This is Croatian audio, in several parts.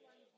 Hvala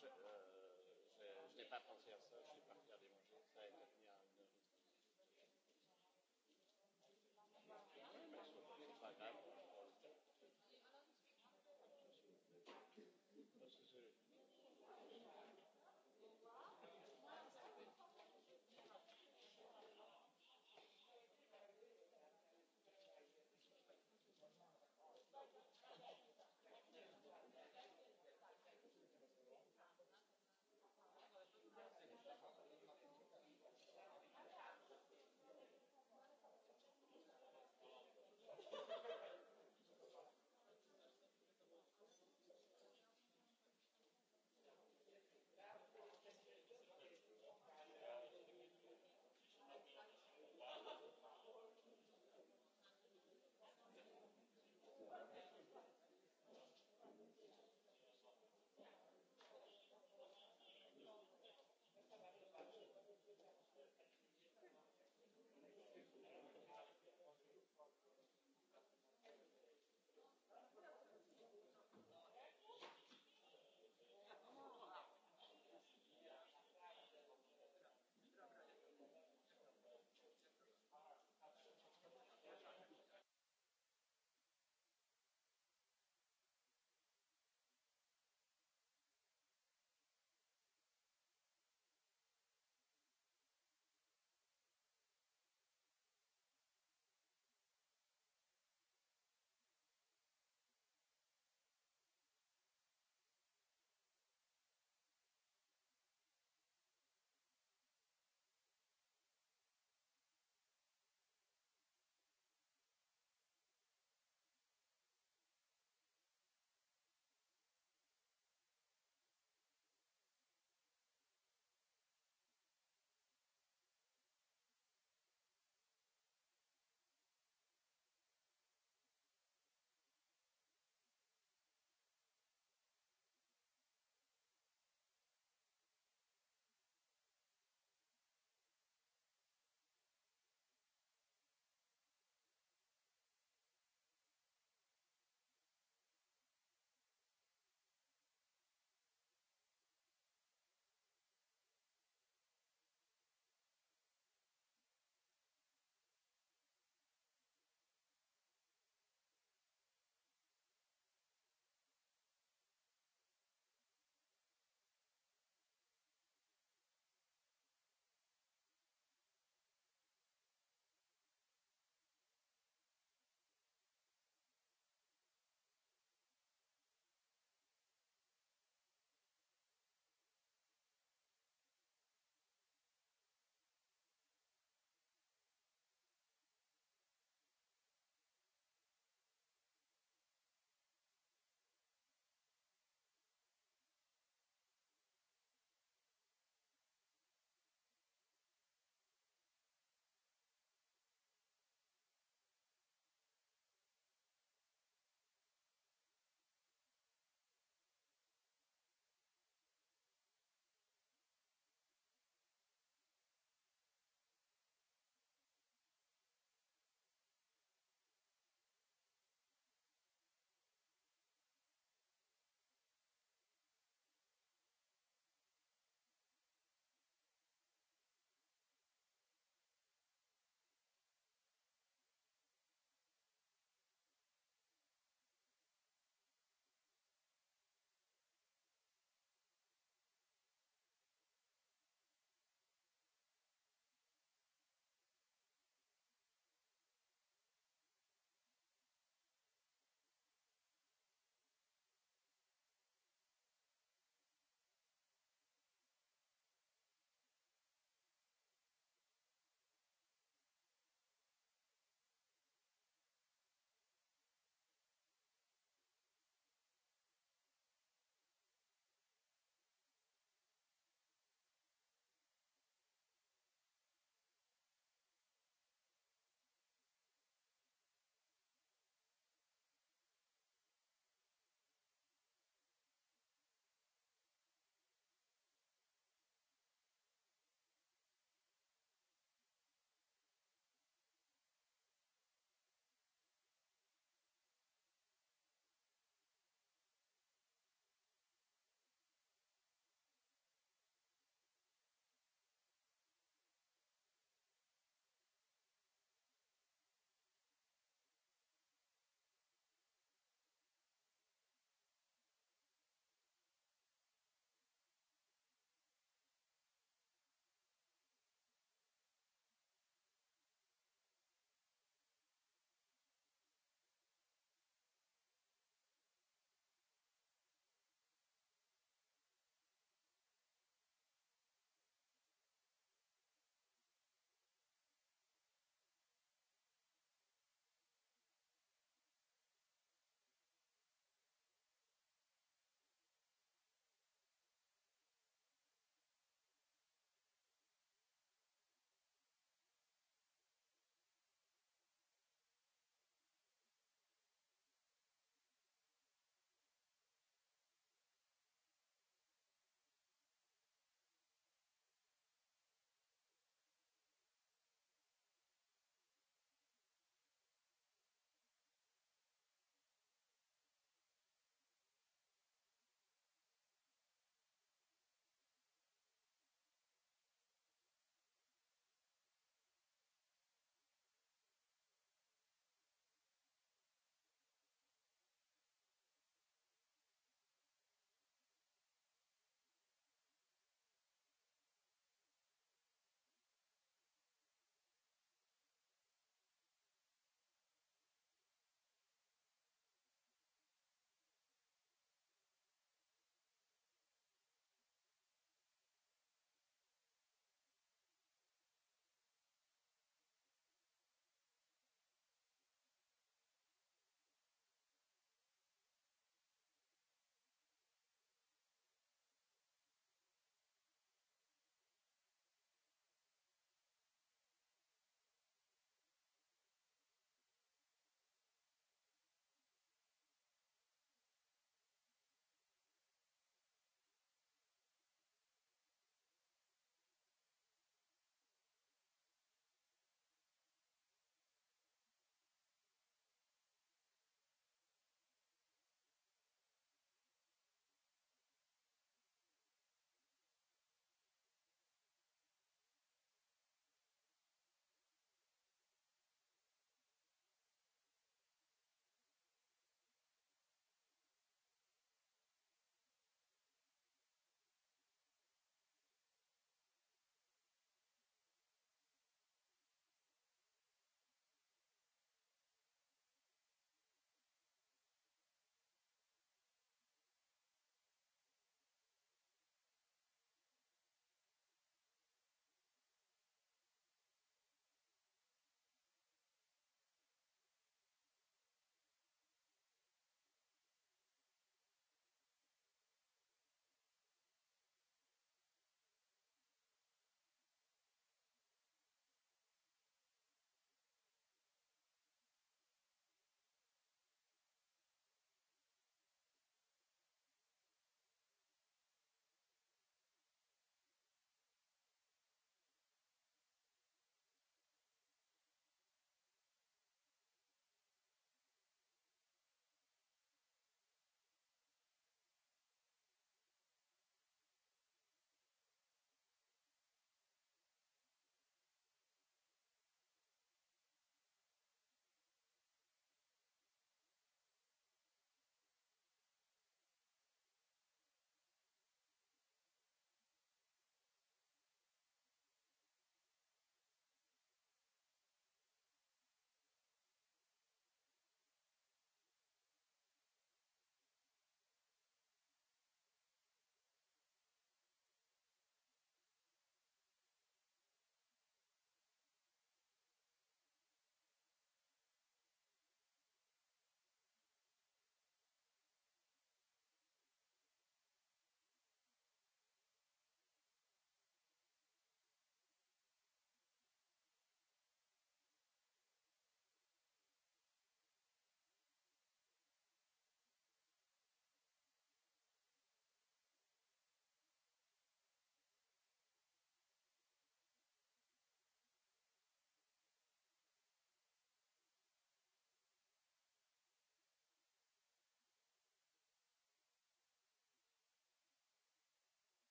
je, euh, pas pensé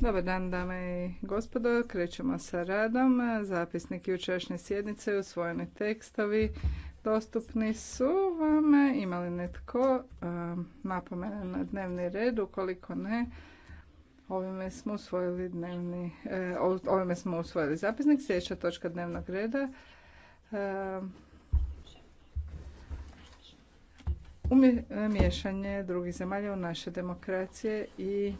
Dobar dan, dame i gospodo. Krećemo sa radom. Zapisnik jučerašnje sjednice i usvojeni tekstovi dostupni su vam. Ima li netko napomena na dnevni red? Ukoliko ne, ovime smo usvojili dnevni, e, smo usvojili zapisnik. Sljedeća točka dnevnog reda e, E, miješanje drugih zemalja u naše demokracije i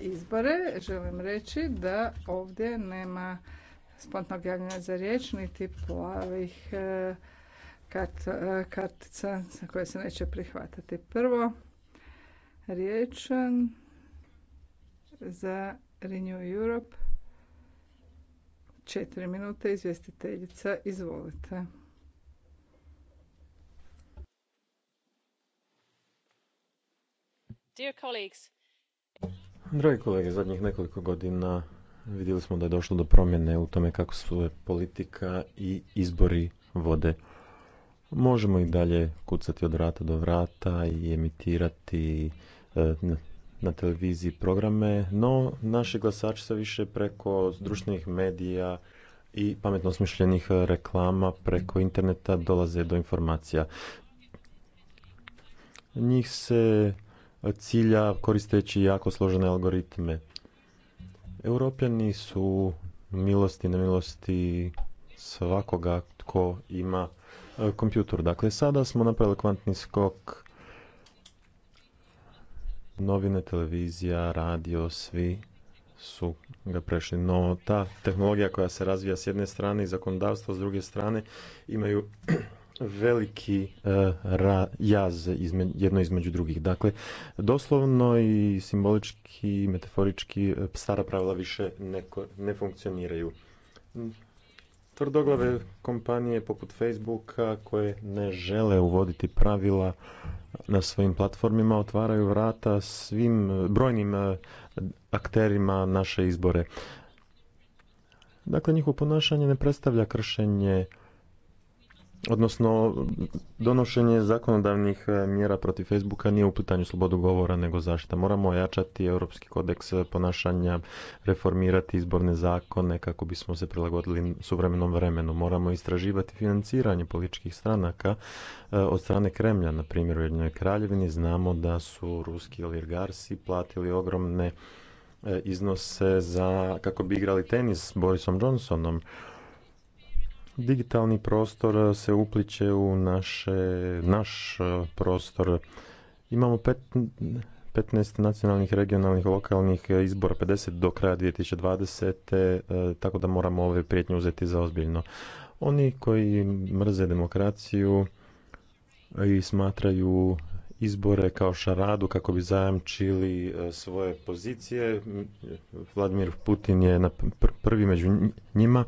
izbore. Želim reći da ovdje nema spontanog javljanja za riječ, niti plavih e, kart, e, kartica za koje se neće prihvatati. Prvo, riječ za Renew Europe. Četiri minute, izvjestiteljica, izvolite. Dragi kolege, zadnjih nekoliko godina vidjeli smo da je došlo do promjene u tome kako su politika i izbori vode. Možemo i dalje kucati od vrata do vrata i emitirati e, na televiziji programe, no naši glasači sve više preko društvenih medija i pametno osmišljenih reklama preko interneta dolaze do informacija. Njih se cilja koristeći jako složene algoritme. Europljani su milosti na milosti svakoga tko ima e, kompjutor. Dakle, sada smo napravili kvantni skok novine, televizija, radio, svi su ga prešli. No, ta tehnologija koja se razvija s jedne strane i zakonodavstvo s druge strane imaju veliki uh, jaz izme, jedno između drugih. Dakle, doslovno i simbolički, i metaforički, e, stara pravila više ne, ne funkcioniraju. Tvrdoglave kompanije poput Facebooka koje ne žele uvoditi pravila na svojim platformima otvaraju vrata svim e, brojnim akterima naše izbore. Dakle, njihovo ponašanje ne predstavlja kršenje odnosno donošenje zakonodavnih e, mjera protiv Facebooka nije u pitanju slobodu govora nego zaštita. Moramo ojačati europski kodeks e, ponašanja, reformirati izborne zakone kako bismo se prilagodili suvremenom vremenu. Moramo istraživati financiranje političkih stranaka e, od strane Kremlja, na primjer u Jednoj Kraljevini. Znamo da su ruski oligarsi platili ogromne iznose za kako bi igrali tenis s Borisom Johnsonom. Digitalni prostor eh, se upliče u naše, naš eh, prostor. Imamo pet, 15 nacionalnih, regionalnih, lokalnih eh, izbora, 50 do kraja 2020. Tako da moramo ove prijetnje uzeti za ozbiljno. Oni koji mrze demokraciju i smatraju izbore kao šaradu kako bi zajamčili e, svoje pozicije. Vladimir Putin je na prvi među njima.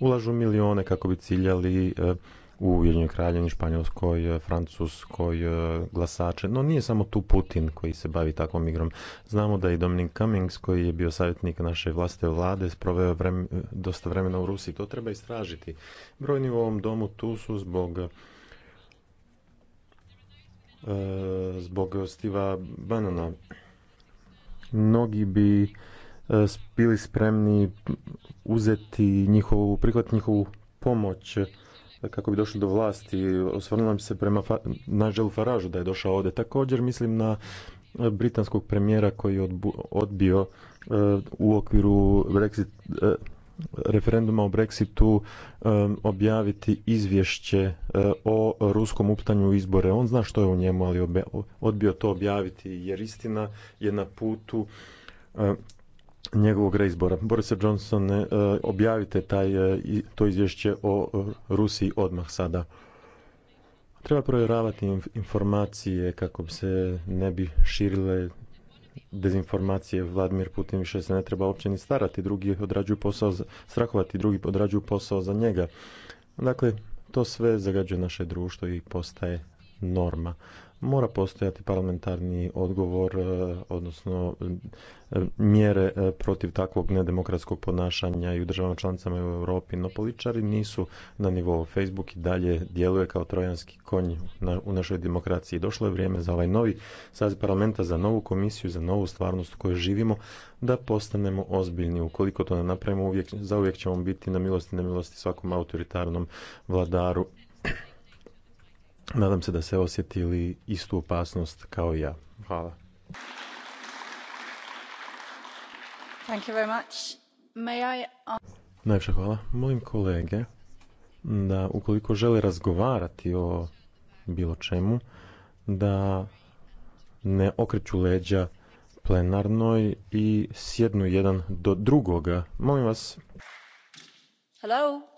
Ulažu milione kako bi ciljali e, u Ujedinjoj kraljevini, Španjolskoj, e, Francuskoj glasače. No nije samo tu Putin koji se bavi takvom igrom. Znamo da i Dominic Cummings koji je bio savjetnik naše vlastite vlade sproveo vremen, dosta vremena u Rusiji. To treba istražiti. Brojni u ovom domu tu su zbog zbog stiva banana. Mnogi bi e, bili spremni uzeti njihovu, prihvatiti njihovu pomoć kako bi došli do vlasti. nam se prema Nigelu Faražu da je došao ovdje. Također mislim na britanskog premijera koji je odbio e, u okviru Brexit e, referenduma o Brexitu objaviti izvješće e, o ruskom uptanju izbore. On zna što je u njemu, ali odbio to objaviti jer istina je na putu e, njegovog reizbora. Boris Johnson, e, objavite taj, to izvješće o Rusiji odmah sada. Treba provjeravati informacije kako bi se ne bi širile dezinformacije Vladimir Putin više se ne treba uopće ni starati, drugi odrađuju posao, za, strahovati, drugi odrađuju posao za njega. Dakle, to sve zagađuje naše društvo i postaje norma mora postojati parlamentarni odgovor, e, odnosno e, mjere e, protiv takvog nedemokratskog ponašanja i u državama članicama u Europi, no političari nisu na nivou. Facebook i dalje djeluje kao trojanski konj u našoj demokraciji. Došlo je vrijeme za ovaj novi saziv parlamenta, za novu komisiju, za novu stvarnost u kojoj živimo, da postanemo ozbiljni. Ukoliko to ne napravimo, uvijek, zauvijek ćemo biti na milosti i na milosti svakom autoritarnom vladaru Nadam se da se osjetili istu opasnost kao i ja. Hvala. Thank you hvala. Molim kolege da ukoliko žele razgovarati o bilo čemu, da ne okreću leđa plenarnoj i sjednu jedan do drugoga. Molim vas. Hello?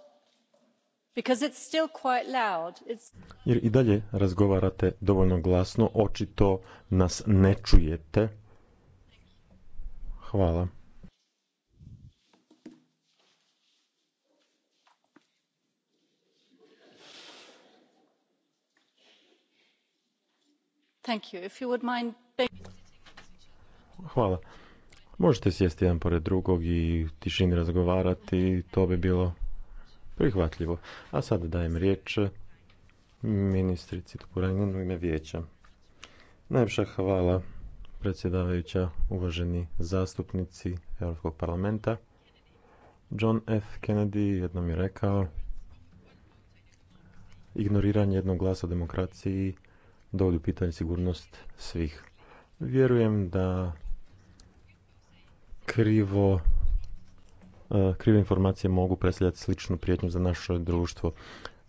It's still quite loud. It's... Jer i dalje razgovarate dovoljno glasno, očito nas ne čujete. Hvala. Thank you. If you would mind... Hvala. Možete sjesti jedan pored drugog i tišini razgovarati, to bi bilo Prihvatljivo. A sad dajem riječ ministrici Tupuranjenu u ime vijeća. Najljepša hvala predsjedavajuća, uvaženi zastupnici Europskog parlamenta. John F. Kennedy jednom je rekao ignoriranje jednog glasa demokraciji dovodi u pitanje sigurnost svih. Vjerujem da krivo E, krive informacije mogu predstavljati sličnu prijetnju za naše društvo.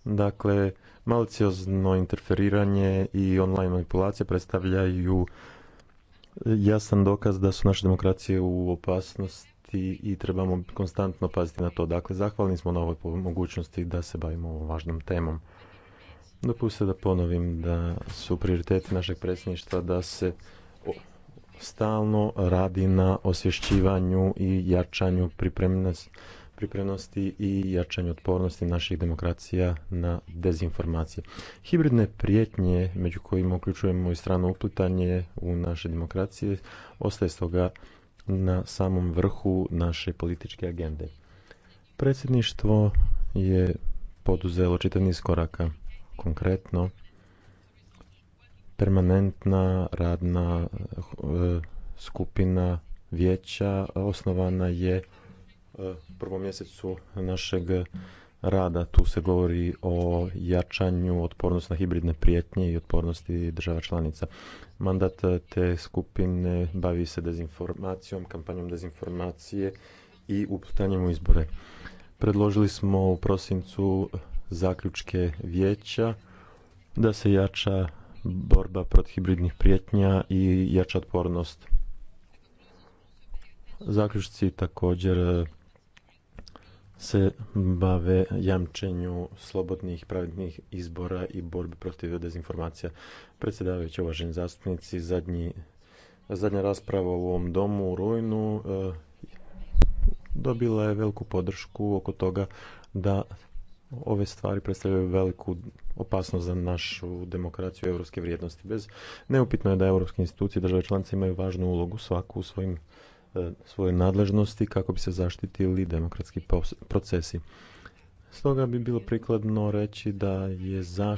Dakle, maliciozno interferiranje i online manipulacije predstavljaju jasan dokaz da su naše demokracije u opasnosti i trebamo konstantno paziti na to. Dakle, zahvalni smo na ovoj mogućnosti da se bavimo ovom važnom temom. Dopustite da ponovim da su prioriteti našeg predsjedništva da se stalno radi na osvješćivanju i jačanju pripremnosti i jačanju otpornosti naših demokracija na dezinformacije. Hibridne prijetnje, među kojima uključujemo i strano uplitanje u naše demokracije, ostaje stoga na samom vrhu naše političke agende. Predsjedništvo je poduzelo čitav niz koraka. Konkretno, permanentna radna eh, skupina vijeća osnovana je eh, u prvom mjesecu našeg rada. Tu se govori o jačanju otpornosti na hibridne prijetnje i otpornosti država članica. Mandat eh, te skupine bavi se dezinformacijom, kampanjom dezinformacije i uputanjem u izbore. Predložili smo u prosincu zaključke vijeća da se jača borba protiv hibridnih prijetnja i jača otpornost. Zaključci također e, se bave jamčenju slobodnih pravednih izbora i borbi protiv dezinformacija. Predsjedavajući, uvaženi zastupnici, zadnji, zadnja rasprava u ovom domu u Rujnu e, dobila je veliku podršku oko toga da ove stvari predstavljaju veliku opasnost za našu demokraciju i europske vrijednosti. Bez, neupitno je da europske institucije i države članice imaju važnu ulogu svaku u svojim e, svoje nadležnosti kako bi se zaštitili demokratski procesi. Stoga bi bilo prikladno reći da je zaštita